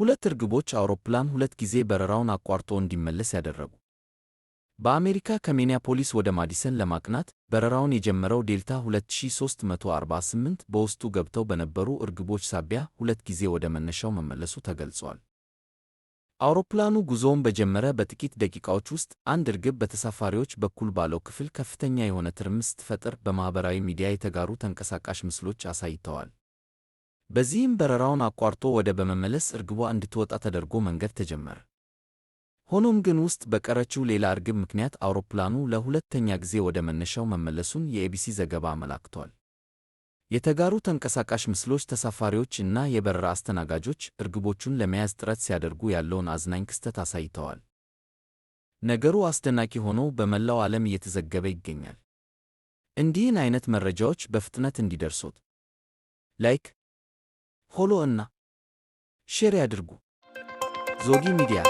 ሁለት እርግቦች አውሮፕላን ሁለት ጊዜ በረራውን አቋርጦ እንዲመለስ ያደረጉ። በአሜሪካ ከሚኒያፖሊስ ወደ ማዲሰን ለማቅናት በረራውን የጀመረው ዴልታ 2348 በውስጡ ገብተው በነበሩ እርግቦች ሳቢያ ሁለት ጊዜ ወደ መነሻው መመለሱ ተገልጿል። አውሮፕላኑ ጉዞውን በጀመረ በጥቂት ደቂቃዎች ውስጥ አንድ እርግብ በተሳፋሪዎች በኩል ባለው ክፍል ከፍተኛ የሆነ ትርምስ ስትፈጥር በማኅበራዊ ሚዲያ የተጋሩ ተንቀሳቃሽ ምስሎች አሳይተዋል። በዚህም በረራውን አቋርጦ ወደ በመመለስ እርግቧ እንድትወጣ ተደርጎ መንገድ ተጀመረ። ሆኖም ግን ውስጥ በቀረችው ሌላ እርግብ ምክንያት አውሮፕላኑ ለሁለተኛ ጊዜ ወደ መነሻው መመለሱን የኤቢሲ ዘገባ አመላክቷል። የተጋሩ ተንቀሳቃሽ ምስሎች ተሳፋሪዎች እና የበረራ አስተናጋጆች እርግቦቹን ለመያዝ ጥረት ሲያደርጉ ያለውን አዝናኝ ክስተት አሳይተዋል። ነገሩ አስደናቂ ሆኖ በመላው ዓለም እየተዘገበ ይገኛል። እንዲህን አይነት መረጃዎች በፍጥነት እንዲደርሶት ላይክ ፎሎ እና ሼር ያድርጉ። ዞጊ ሚዲያ